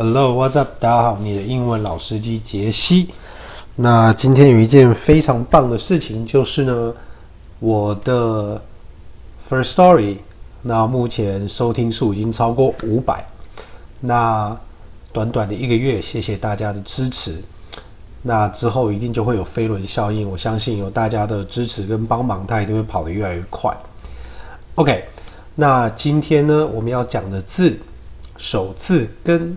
Hello, what's up？大家好，你的英文老司機傑西。那今天有一件非常棒的事情，就是呢，我的 Firstory 那目前收聽數已經超過五百。那短短的一個月，謝謝大家的支持。那之後一定就會有飛輪效應，我相信有大家的支持跟幫忙，他一定會跑得越來越快。OK，那今天呢，我們要講的字首字根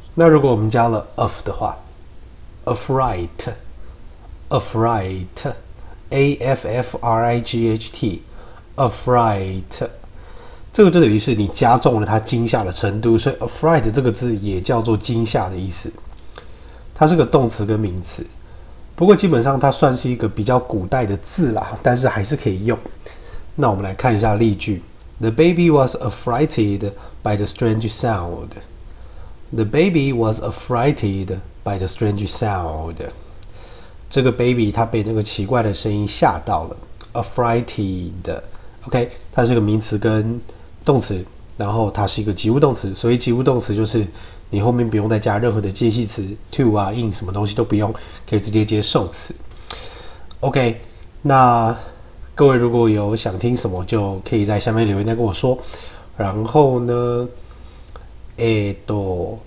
那如果我們加了 af 的話，affright，affright，a f f r i g h t，affright，這個就等於是你加重了它驚嚇的程度，所以 affright 這個字也叫做驚嚇的意思。它是個動詞跟名詞，不過基本上它算是一個比較古代的字啦，但是還是可以用。那我們來看一下例句：The baby was affrighted by the strange sound. The baby was affrighted by the strange sound。這個 baby 她被那個奇怪的聲音嚇到了。affrighted，OK，它是個名詞跟動詞，然後它是一個及物動詞，所以及物動詞就是你後面不用再加任何的介系詞 to 啊、in 什麼東西都不用，可以直接接受詞。OK，那各位如果有想聽什麼，就可以在下面留言再跟我說。然後呢？哎，都，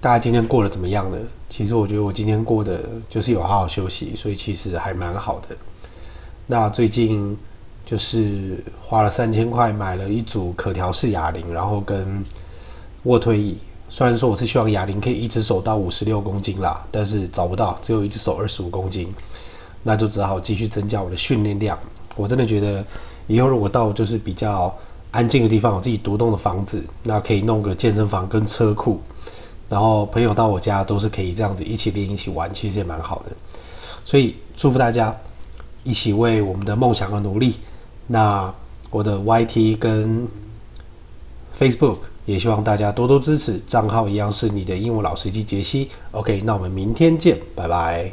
大家今天過得怎麼樣呢？其實我覺得我今天過得就是有好好休息，所以其實還蠻好的。那最近就是花了三千塊買了一組可調式啞鈴，然後跟臥推椅。雖然說我是希望啞鈴可以一隻手到五十六公斤啦，但是找不到，只有一隻手二十五公斤，那就只好繼續增加我的訓練量。我真的覺得以後如果到就是比較。安靜的地方，有自己獨棟的房子，那可以弄個健身房跟車庫，然後朋友到我家都是可以這樣子一起練、一起玩，其實也蠻好的。所以祝福大家，一起為我們的夢想而努力。那我的 YT 跟 Facebook 也希望大家多多支持，賬號一樣是你的英文老師機杰西。OK，那我們明天見，拜拜。